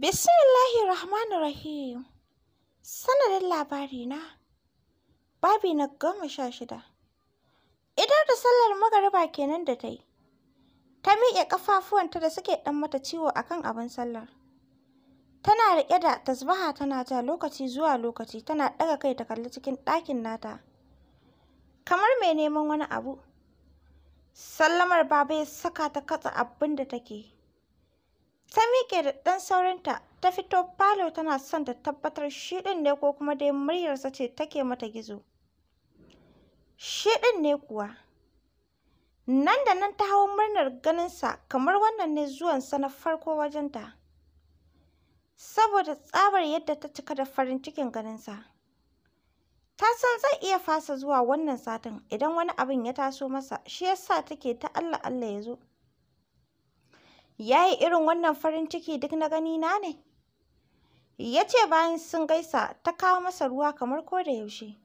Bismillahir Rahmanir Rahim. Sanadin labari na babi na goma sha shida. Idar da sallar magariba kenan da ta yi. Ta miƙe ƙafafuwanta da suke ɗan mata ciwo a kan abin sallar. Tana riƙe da tasbaha tana ja lokaci zuwa lokaci tana ɗaga kai ta kalli cikin ɗakin nata. Kamar mai neman wani abu. Sallamar baba ya saka ta katse abin da take. ta miƙe da ɗan saurinta ta fito falo tana son ta tabbatar shi ɗin ne ko kuma dai muryarsa ce take mata gizo shi ɗin ne kuwa nan da nan ta hau murnar ganinsa kamar wannan ne zuwansa na farko wajenta saboda tsabar yadda ta cika da farin cikin ganinsa ta san zai iya fasa zuwa wannan satin idan wani abin ya taso masa shi yasa take ta Allah Allah ya zo Ya yi irin wannan farin ciki duk na gani na ne? Ya ce bayan sun gaisa ta kawo masa ruwa kamar ko da yaushe.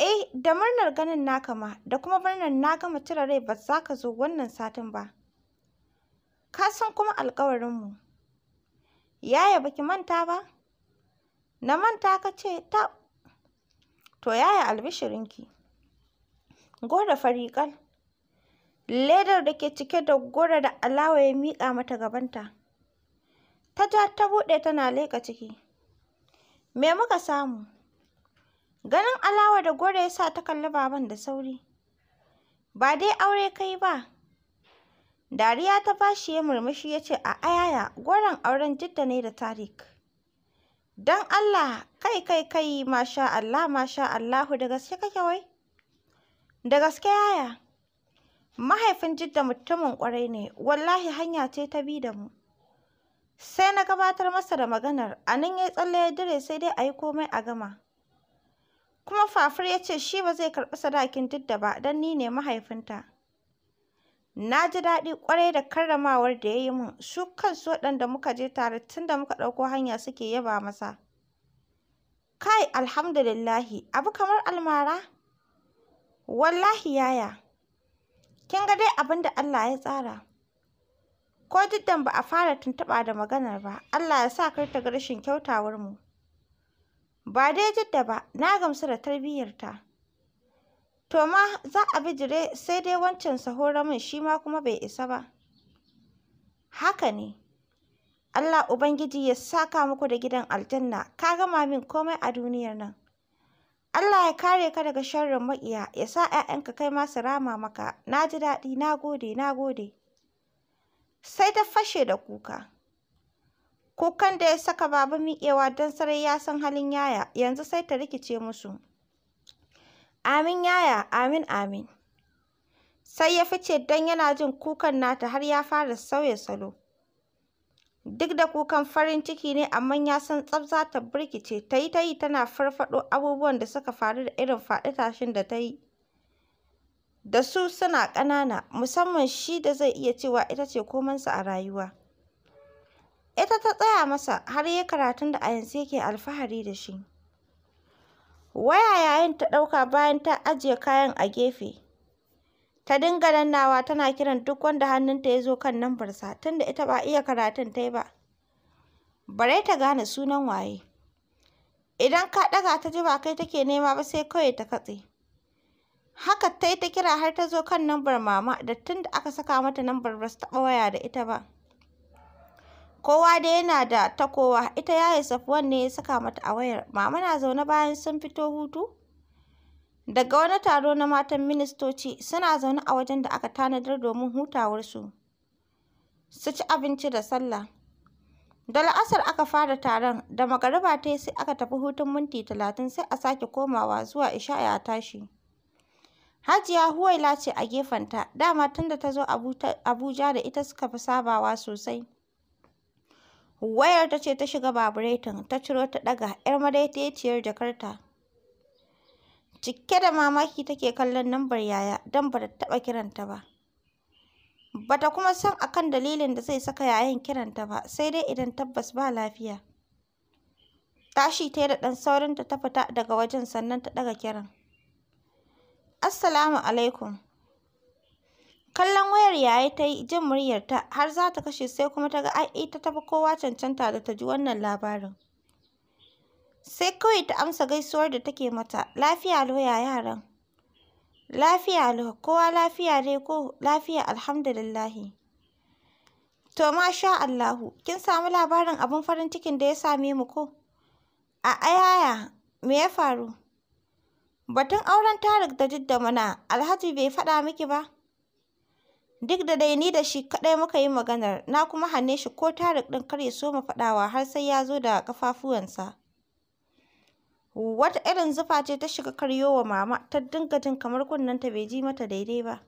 Eh, da murnar ganin naka ma, da kuma murnar na gama cire rai ba za ka zo wannan satin ba. Ka san kuma Ya Yaya baki manta ba? Na manta ka ce ta. To yaya albishirinki. gora fariƙal. ledar da ke cike da goro da alawa ya miƙa mata gabanta. Ta ja ta buɗe tana leƙa ciki. Me muka samu? Ganin alawa da goro ya sa ta kalli baban da sauri. Ba dai aure kai ba. Dariya ta bashi ya murmushi ya ce a ayaya goron auren jidda ne da Tarik. Don Allah kai kai kai masha Allah masha Allahu da gaske kake wai? Da gaske yaya? mahaifin Jidda mutumin kwarai ne, wallahi hanya ce ta bi da mu. Sai na gabatar masa da maganar, a nan ya tsalle ya dire sai dai a yi komai a gama. Kuma Fafur ya ce shi ba zai karɓi sadakin Jidda ba don ni ne mahaifinta. Na ji daɗi kwarai da karramawar da ya yi min, su kansu waɗanda muka je tare tun da muka ɗauko hanya suke yaba masa. Kai alhamdulillahi, abu kamar almara? Wallahi yaya. Kin ga dai abin da Allah ya tsara. Ko diddan ba a fara tuntuɓa da maganar ba, Allah ya sa kar ta ga rashin kyautawarmu. Ba dai jidda ba, na gamsu da tarbiyyarta. To ma za a bi bijire sai dai wancan sahoramin shi ma kuma bai isa ba. Haka ne. Allah Ubangiji ya saka muku da gidan aljanna, ka gama min komai a duniyar nan. Allah ya kare ka daga sharrin maƙiya, ya sa ‘ya'yanka kai masu rama maka. Na ji daɗi, na gode, na gode. Sai ta fashe da kuka. Kukan da ya saka babu miƙewa don sarai ya san halin yaya, yanzu sai ta rikice musu. Amin yaya, amin amin. Sai ya fice don yana jin kukan nata har ya fara sauya salo. Duk da kukan farin ciki ne amma ya san tsaf za ta birkice, ta yi ta yi tana farfaɗo abubuwan da suka faru da irin faɗi tashin da ta yi. Da su suna ƙanana, musamman shi da zai iya cewa ita ce komansa a rayuwa. Ita ta tsaya masa har ya karatun da a yanzu yake alfahari da shi. Waya yayin ta ɗauka bayan ta ajiye kayan a gefe. ta dinga dannawa tana kiran duk wanda hannunta ya zo kan nambarsa tunda ita ba iya karatun ta yi ba bare ta gane sunan waye idan ka ɗaga ta ji ba kai take nema ba sai kawai ta katse haka ta yi ta kira har ta zo kan nambar mama da tun da aka saka mata nambar ba su taɓa waya da ita ba kowa dai yana da ta kowa ita yaya safwan ne ya saka mata a wayar mama na zaune bayan sun fito hutu daga wani taro na matan ministoci suna zaune a wajen da aka tanadar domin hutawarsu su ci abinci da sallah. Da la'asar aka fara taron, da magariba ta sai aka tafi hutun minti talatin sai a sake komawa zuwa Ishaya a tashi. Hajiya Huwaila ce a gefenta, dama tun da ta zo Abuja da ita suka fi sabawa sosai. Wayar ta ce ta shiga baburetin, ta ciro ta ɗaga, 'yar madaidaiciyar jakarta. Cike da mamaki take kallon lambar yaya don ba ta taɓa kiranta ba. Bata kuma san a kan dalilin da zai saka yayan kiranta ba, sai dai idan tabbas ba lafiya. Tashi ta da ɗan saurin ta fita daga wajen sannan ta ɗaga kiran. Assalamu alaikum. Kallon wayar yayi ta yi jin muryarta har za ta kashe sai kuma ta ga ai ta fi kowa cancanta da ta ji wannan labarin. sai kawai ta amsa gaisuwar da take mata lafiya loya yaran lafiya lo kowa lafiya dai ko lafiya alhamdulillahi to ma sha Allahu kin samu labarin abin farin cikin da ya same mu ko a ayaya me ya faru batun auren Tarik da Jidda mana Alhaji bai faɗa miki ba duk da dai ni da shi kaɗai muka yi maganar na kuma hanne shi ko Tarik ɗin kar ya so mu faɗawa har sai ya zo da kafafuwansa. Wata irin zufa ce ta shiga karyowa mama, ta dinga jin kamar kunnenta bai ji mata daidai ba.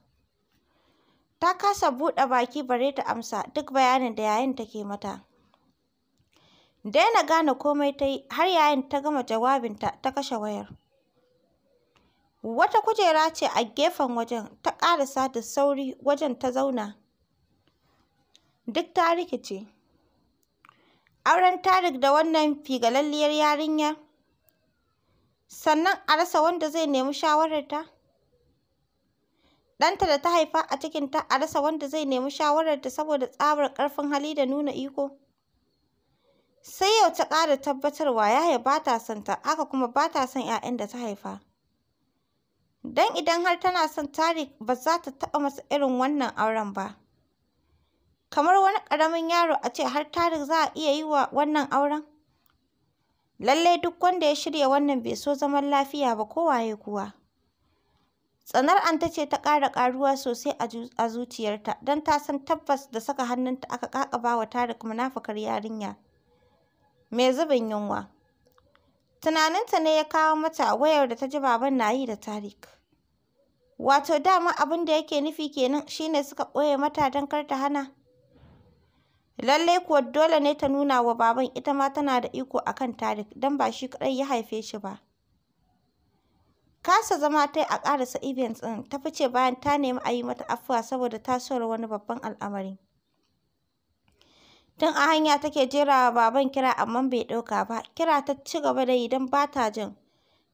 Ta kasa buɗe baki bare ta amsa duk bayanin da yayin take mata. Daina gane komai ta yi har yayin ta gama jawabinta ta kashe wayar. Wata kujera ce a gefen wajen, ta ƙarasa da sauri wajen ta zauna. Duk ta rikice. Auren Tarik da wannan figalalliyar yarinya. sannan a rasa wanda zai nemi shawararta ɗanta da ta haifa a cikinta a rasa wanda zai nemi shawararta saboda tsabar ƙarfin hali da nuna iko sai yau ta ƙara tabbatarwa yaya ba ta son ta haka kuma ba ta son 'ya'yan da ta haifa don idan har tana son tarik ba za ta taɓa masa irin wannan auren ba kamar wani ƙaramin yaro a ce har tarik za a iya yi wa wannan auren Lallai duk wanda ya shirya wannan bai so zaman lafiya ba ko kuwa. Tsanar Anta ce ta ƙara ƙaruwa sosai a zuciyarta don ta san tabbas da saka hannunta aka ƙaƙaba wa Tarik munafukar yarinya mai zubin yunwa. Tunaninta ne ya kawo mata wayar da ta ji baban na yi da Tarik. Wato dama abin da yake nufi kenan shine suka ɓoye mata don kar ta hana Lallai kuwa dole ne ta nuna wa baban ita ma tana da iko a kan Tarik don ba shi kaɗai ya haife shi ba. Kasa zama ta yi a ƙarasa event ɗin, ta fice bayan ta nemi a yi mata afuwa saboda ta sora wani babban al'amari. Tun a hanya take jera wa baban kira amma bai ɗauka ba, kira ta ci gaba da yi don ba ta jin.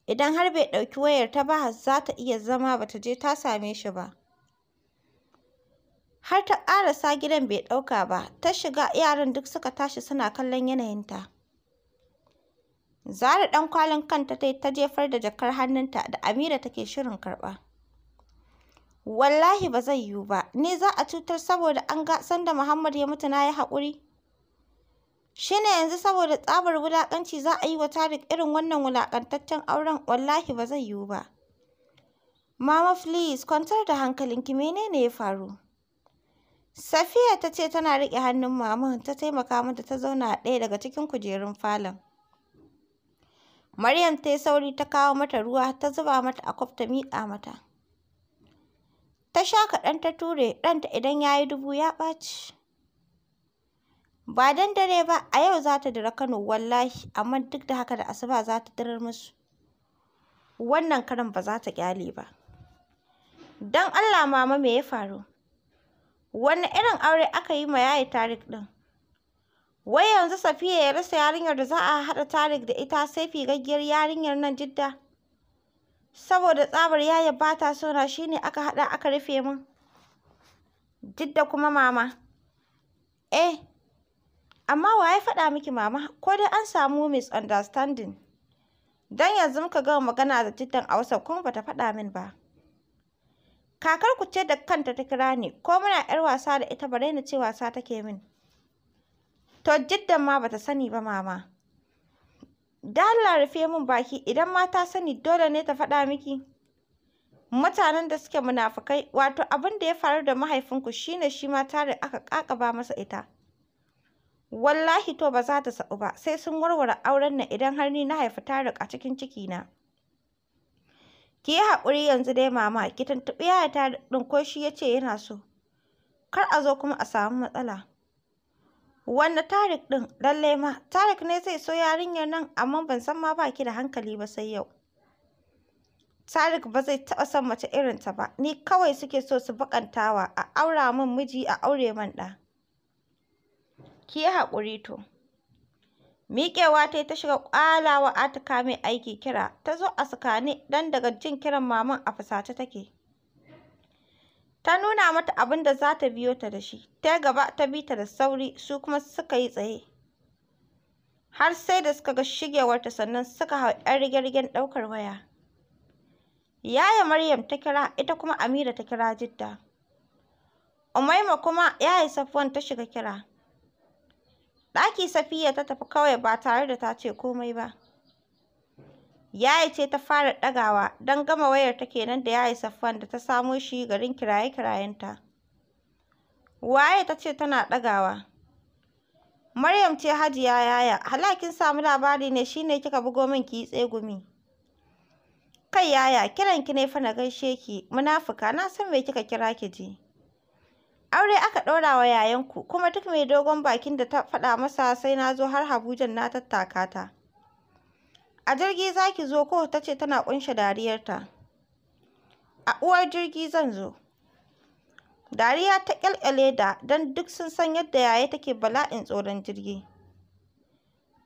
Idan har bai ɗauki ta ba, za ta iya zama ba ta je ta same shi ba. har ta ƙarasa gidan bai ɗauka ba ta shiga yaran duk suka tashi suna kallon yanayinta zara ɗan kwalin kanta ta ta jefar da jakar hannunta da amira take shirin karɓa wallahi ba zai yiwu ba ni za a cutar saboda an ga san da muhammad ya mutu na yi haƙuri shi ne yanzu saboda tsabar wulaƙanci za a yi wa tarik irin wannan wulakantaccen auren wallahi ba zai yiwu ba mama please kwantar da hankalinki menene ya faru Safiya ta ce tana riƙe hannun Maman ta taimaka mata ta zauna a ɗaya daga cikin kujerun falon. Maryam ta yi sauri ta kawo mata ruwa ta zuba mata a kwafta miƙa mata. Ta sha kaɗan ta ture ɗanta idan ya yi dubu ya ɓaci. Ba don dare ba a yau za ta dira Kano wallahi amma duk da haka da asuba za ta dirar musu. Wannan karan ba za ta ƙyale ba. Don Allah mama me ya faru? Wani irin aure aka yi ma Yaya tarik ɗin? Wai yanzu Safiya ya rasa yarinyar da za a haɗa tarik da ita sai figaggiyar yarinyar nan Jidda? Saboda tsabar Yaya ba ta so na shi ne aka haɗa aka rufe min. Jidda kuma mama. Eh, amma wa ya faɗa miki mama ko dai an samu misunderstanding? Don yanzu muka gama magana da Jiddan a wasa kuma ba ta faɗa min ba. kakarku ce da kanta ta kira ni ko muna 'yar wasa da ita ba raina ce wasa take min to jiddan ma bata sani ba mama da Allah rufe min baki idan ma ta sani dole ne ta faɗa miki mutanen da suke munafukai wato abin da ya faru da mahaifinku shine shi ma tare aka ƙaƙaba masa ita wallahi to ba za ta saɓu ba sai sun warware auren nan idan har ni na haifi tarik a cikin ciki na Ki yi haƙuri yanzu dai mama, ki tuntuɓi Tarik ɗin ko shi ya yana so. Kar a zo kuma a samu matsala. Wanda Tarik ɗin, lallai ma, Tarik ne zai so yarinyar nan amma ban san ma baki da hankali ba sai yau. Tarik ba zai taɓa son mace irin ta ba, ni kawai suke so su baƙantawa a aura min miji a aure man ɗa. Ki yi haƙuri to. Miƙewa ta yi ta shiga ƙwalawa a Atika mai aiki kira, ta zo a tsakani don daga jin kiran maman a fusace take. Ta nuna mata abin da za ta biyo ta da shi, ta gaba ta bi ta da sauri su kuma suka yi tsaye. Har sai da suka ga shigewarta sannan suka hau 'yan rige-rigen ɗaukar waya. Yaya Maryam ta kira, ita kuma Amira ta kira Jidda. Umaima kuma yaya Safwan ta shiga kira. Ɗaki Safiya ta tafi kawai ba tare da ta ce komai ba. Yaya ce ta fara ɗagawa don gama wayar ta kenan da yaya Safwan da ta samo shi garin kiraye-kirayenta. Waye ta ce tana ɗagawa? Maryam ce Hajiya yaya, halakin samu labari ne shine kika bugo min ki tsegumi. Kai yaya, kiran ki ne fa na gaishe ki, munafuka na san me kika kira ki ji. Aure aka ɗaura wa yayanku kuma duk mai dogon bakin da ta faɗa masa sai na zo har Habujan na tattaka ta. A jirgi za ki zo ko ta ce tana ƙunshe dariyarta. A uwar jirgi zan zo. Dariya ta ƙyalƙyale da don duk sun san yadda yaya take bala'in tsoron jirgi.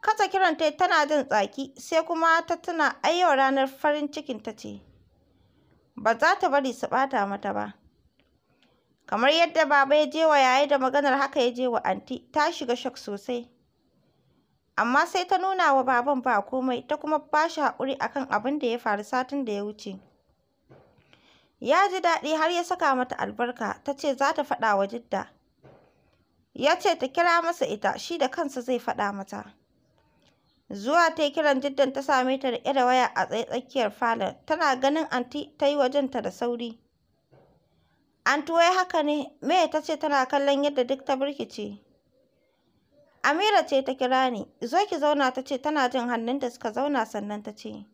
Katsa kiran ta tana jin tsaki sai kuma ta tuna ai ranar farin cikin ta ce. Ba za ta bari su ɓata mata ba. Kamar yadda baba ya je wa yayi da maganar haka ya je wa anti, ta shiga shak sosai. Amma sai ta nuna wa baban ba komai, ta kuma ba shi haƙuri a kan abin da ya faru satin da ya wuce. Ya ji daɗi har ya saka mata albarka, ta ce za ta faɗa wa Jidda. Ya ce ta kira masa ita, shi da kansa zai faɗa mata. Zuwa ta kiran Jiddan ta same ta da da waya a tsaye tsakiyar falon, tana ganin anti ta yi wajenta da sauri. antu wai haka ne? Meye ta ce tana kallon yadda duk ta birkice. Amira ce ta kira ni. Zo ki zauna ta ce tana jin hannun hannunta suka zauna sannan ta ce.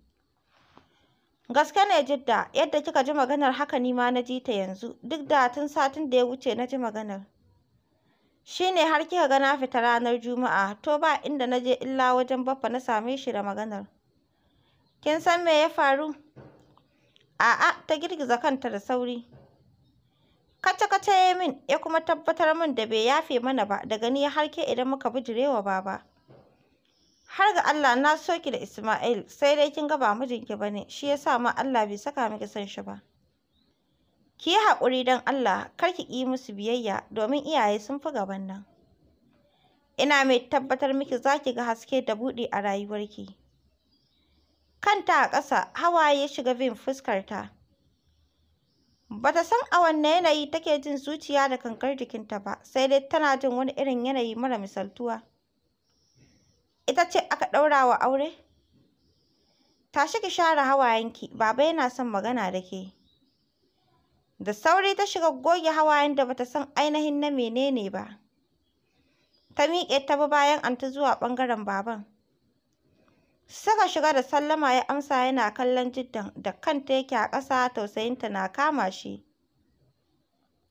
Gaske ne Jidda, yadda kika ji maganar haka ni ma na ji ta yanzu, duk da tun satin da ya wuce na ji maganar. Shi ne har kika ga na fita ranar Juma'a, to ba inda na je illa wajen baffa na same shi da maganar. Kin san me ya faru? A'a, ta girgiza kanta da sauri. kace-kace ya yi min ya kuma tabbatar min da bai yafe mana ba daga ni ya harke idan muka bijirewa baba har ga Allah na so ki da Isma'il sai dai kin ga ba mijinki bane shi yasa ma Allah bai saka miki son shi ba ki yi haƙuri don Allah kar ki ƙi musu biyayya domin iyaye sun fi gaban nan ina mai tabbatar miki za ki ga haske da buɗe a rayuwarki kanta a ƙasa hawaye ya shiga bin fuskarta Ba ta san a wanne yanayi take jin zuciya da kankar jikinta ba, sai dai tana jin wani irin yanayi mara misaltuwa. Ita ce aka ɗaura wa aure? Tashi ki share hawayenki, baba yana son magana da ke. Da sauri ta shiga goge hawayen da bata san ainihin na menene ba. Ta miƙe ta bi bayan anti zuwa ɓangaren baban. Suka shiga da sallama ya amsa yana kallon Jidda da kanta yake a ƙasa tausayinta na kama shi.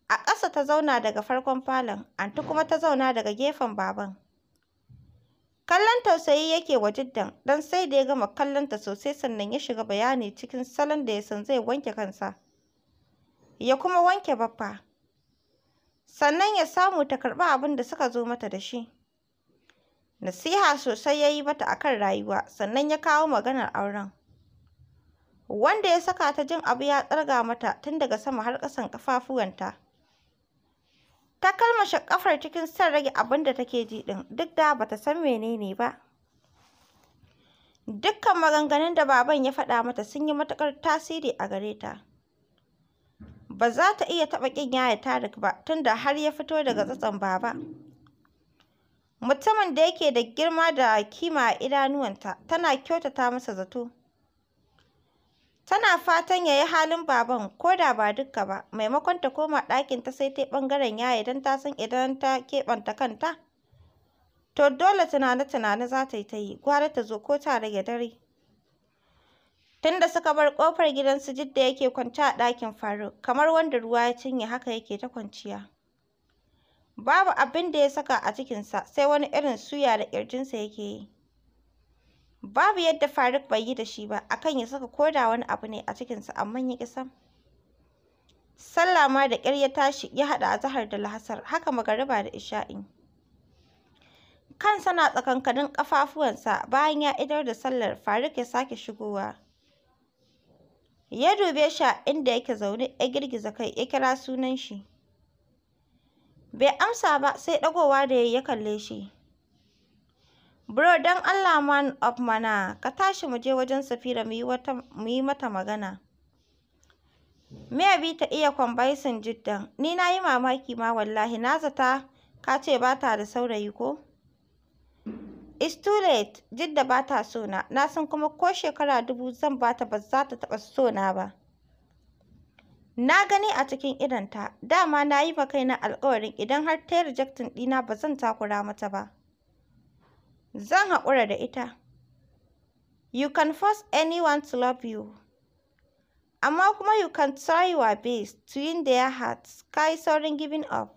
A ƙasa ta zauna daga farkon falon, anti kuma ta zauna daga gefen baban. Kallon tausayi yake wa Jiddan don sai da ya gama kallonta sosai sannan ya shiga bayani cikin salon da ya san zai wanke kansa. Ya kuma wanke baffa. Sannan ya samu ta karɓi abin da suka zo mata da shi. Nasiha sosai ya yi mata a kan rayuwa, sannan ya kawo maganar auren. Wanda ya saka ta jin abu ya tsarga mata tun daga sama har ƙasan ƙafafuwanta. Ta kalmashe ƙafar cikin son rage abin da take ji ɗin, duk da ba ta san menene ba. Dukkan maganganun da baban ya faɗa mata sun yi matuƙar tasiri a gare ta. Ba za ta iya taɓa ƙin yaya Tarik ba, tunda har ya fito daga tsatson baba. mutumin da yake da girma da kima a idanuwanta tana kyautata masa zato tana fatan ya yi halin baban ko da ba dukka ba maimakon ta koma ɗakinta sai ta yi ɓangaren yaya don ta san idan ta keɓanta kanta to dole tunane-tunane za ta yi ta yi gwara ta zo ko ta rage dare tunda suka bar kofar gidan su Jidda yake kwance a ɗakin Faruk kamar wanda ruwa ya cinye haka yake ta kwanciya babu abin da ya saka a cikinsa sai wani irin suya da ƙirjinsa yake yi babu yadda Faruk bai yi da shi ba akan ya saka ko da wani abu ne a cikinsa amma ya ƙi sam sallah ma da ƙyar ya tashi ya haɗa a azahar da lahasar haka magariba da isha'in kansa na tsakankanin ƙafafuwansa bayan ya idar da sallar Faruk ya sake shigowa ya dube shi a inda yake zaune ya girgiza kai ya kira sunan shi Bai amsa ba sai dagowa da ya ya kalle shi. Bro dan Allah man of mana ka tashi mu je wajen Safira mu yi mata magana. Maybe ta iya kwambaisin jiddan. Ni na yi mamaki ma wallahi na zata ka ce ba ta da saurayi ko? It's too late. Jidda ba ta so na. san kuma ko shekara dubu zan ba ta ba za ta taɓa so ba. Na gani a cikin idonta, dama na yi wa kaina alƙawarin idan har ta yi rejectin ɗina ba zan takura mata ba. Zan haƙura da ita. You can force anyone to love you. Amma kuma you can try your best to win their hearts, ka yi saurin giving up.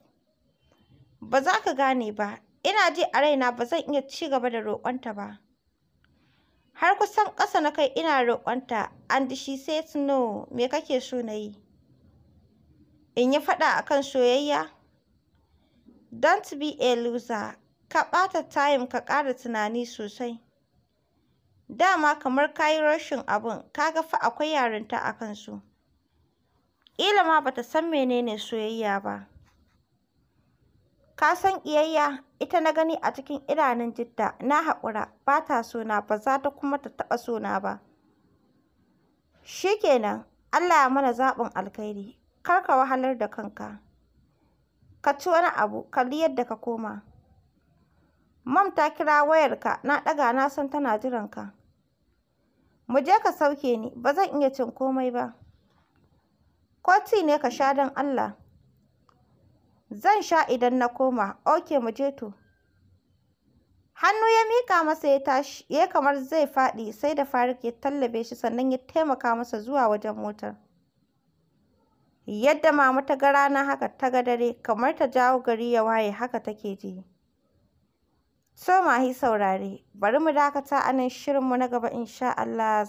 Ba za ka gane ba, ina ji a raina ba zan iya ci gaba da roƙonta ba. Har kusan ƙasa na kai ina roƙonta, and she says no, me kake so na yi? in yi faɗa a kan soyayya? Don't be a loser. Ka ɓata time ka ƙara tunani sosai. Dama kamar ka yi rashin abin, ka ga fa akwai yarinta a kansu. Ƙila ma ba ta san menene soyayya ba. Ka san ƙiyayya, ita na gani a cikin idanun Jidda, na haƙura, ba ta sona, ba za ta kuma ta taɓa sona ba. Shikenan, Allah ya mana zaɓin alkhairi. kar ka wahalar da kanka ka ci wani abu kalli yadda ka koma mam ta kira wayarka na ɗaga na san tana jiran ka mu je ka sauke ni ba zan iya cin komai ba ko ci ne ka sha don Allah zan sha idan na koma oke mu je to hannu ya mika masa ya tashi ya kamar zai faɗi sai da faruk ya tallabe shi sannan ya taimaka masa zuwa wajen motar Yadda mama ta ga rana haka ta ga dare, kamar ta jawo gari ya waye haka take ji. So mahi saurare, bari mu dakata a nan shirinmu na gaba insha Allah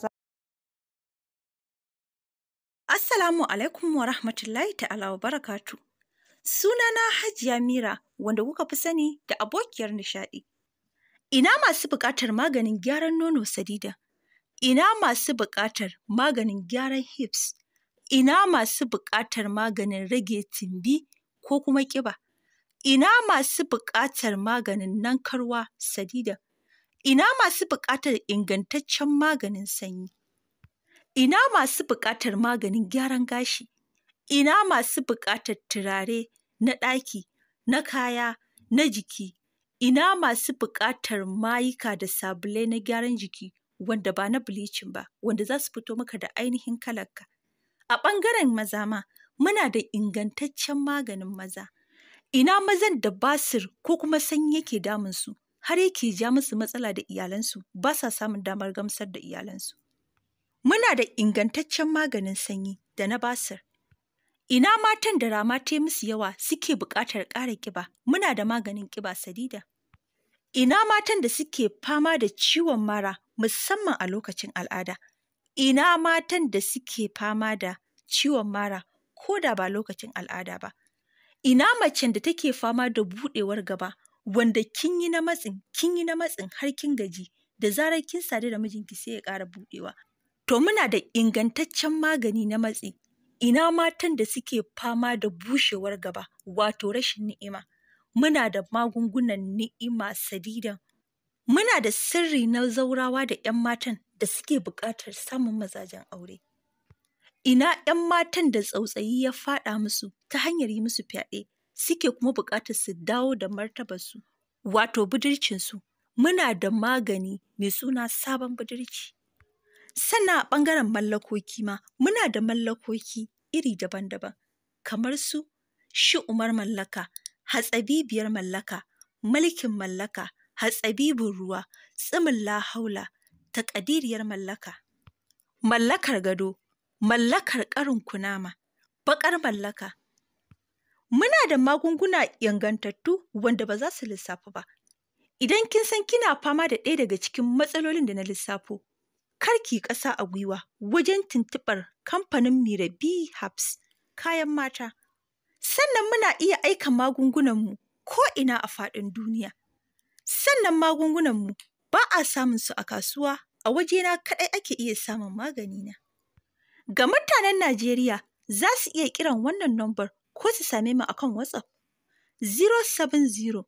Assalamu alaikum wa rahmatullahi ta'ala wa barakatu. Sunana Hajiya Mira wanda kuka fi sani da abokiyar nishaɗi. Ina masu buƙatar maganin gyaran nono sadida. Ina masu buƙatar maganin gyaran hips. ina masu buƙatar maganin rage tumbi ko kuma ƙiba, ina masu buƙatar maganin nankarwa sadida, ina masu buƙatar ingantaccen maganin sanyi, ina masu buƙatar maganin gyaran gashi, ina masu buƙatar turare na ɗaki, na kaya, na jiki, ina masu buƙatar mayuka da sabulai na gyaran jiki wanda ba na bilicin ba, wanda za su fito maka da ainihin kalarka. A ɓangaren maza ma, muna da ingantaccen maganin maza. Ina mazan da basir ko kuma sanyi yake damunsu, har yake ja musu matsala da iyalansu, ba sa samun damar gamsar da iyalansu. Muna da ingantaccen maganin sanyi da na basir. Ina matan da rama ta musu yawa suke buƙatar ƙara ƙiba, muna da maganin ƙiba sadida. Ina matan da suke fama da ciwon mara musamman a lokacin al'ada, Ina matan da suke fama da ciwon mara ko da ba lokacin al'ada ba? Ina macen da take fama da buɗewar gaba wanda kin yi na matsin, kin yi na matsin har kin gaji da zarar kin sadu da mijinki sai ya ƙara buɗewa. To muna da ingantaccen magani na matsi. Ina matan da suke fama da bushewar gaba wato rashin ni'ima. Muna da magungunan ni'ima sadidan. Muna da sirri na zaurawa da ‘yan matan da suke buƙatar samun mazajen aure. Ina ‘yan matan da tsautsayi ya faɗa musu ta hanyar yi musu fyaɗe suke kuma buƙatar su dawo da martabarsu, wato budurcinsu, muna da magani mai suna sabon budurci. Sannan a ɓangaren mallakoki ma, muna da mallakoki iri daban-daban, kamar su shi umar mallaka, hatsabibiyar mallaka, mulkin mallaka, hatsabibin ruwa, tsimin lahaula, ta ƙadiriyar mallaka. Mallakar gado, mallakar ƙarin kunama, baƙar mallaka. Muna da magunguna yangantattu wanda ba za su lissafu ba. Idan kin san kina fama da ɗaya daga cikin matsalolin da na lissafo, karki ƙasa a gwiwa wajen tuntuɓar kamfanin Mirabi Habs kayan mata. Sannan muna iya aika magungunanmu ko ina a faɗin duniya. Sannan magungunanmu ba a samun su a kasuwa, a wajena kaɗai ake iya samun magani na Ga mutanen Najeriya za su iya kiran wannan nombar ko su same mu akan WhatsApp 070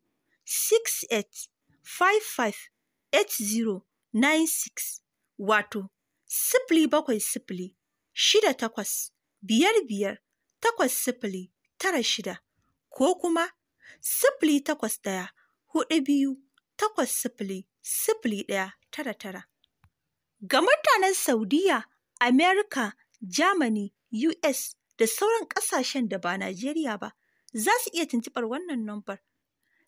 68 55 8096 wato sifili bakwai sifili shida takwas biyar biyar takwas sifili tara shida ko kuma sifili takwas ɗaya hudu biyu takwas sifili sifili ɗaya tara tara. Ga mutanen Saudiya, Amerika, Germany, US da sauran ƙasashen da ba Najeriya ba, za su iya tuntuɓar wannan nombar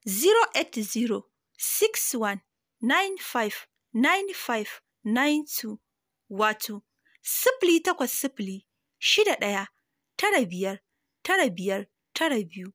080 61 95 95 92 wato sifili takwas sifili shida ɗaya tara biyar tara biyar tara biyu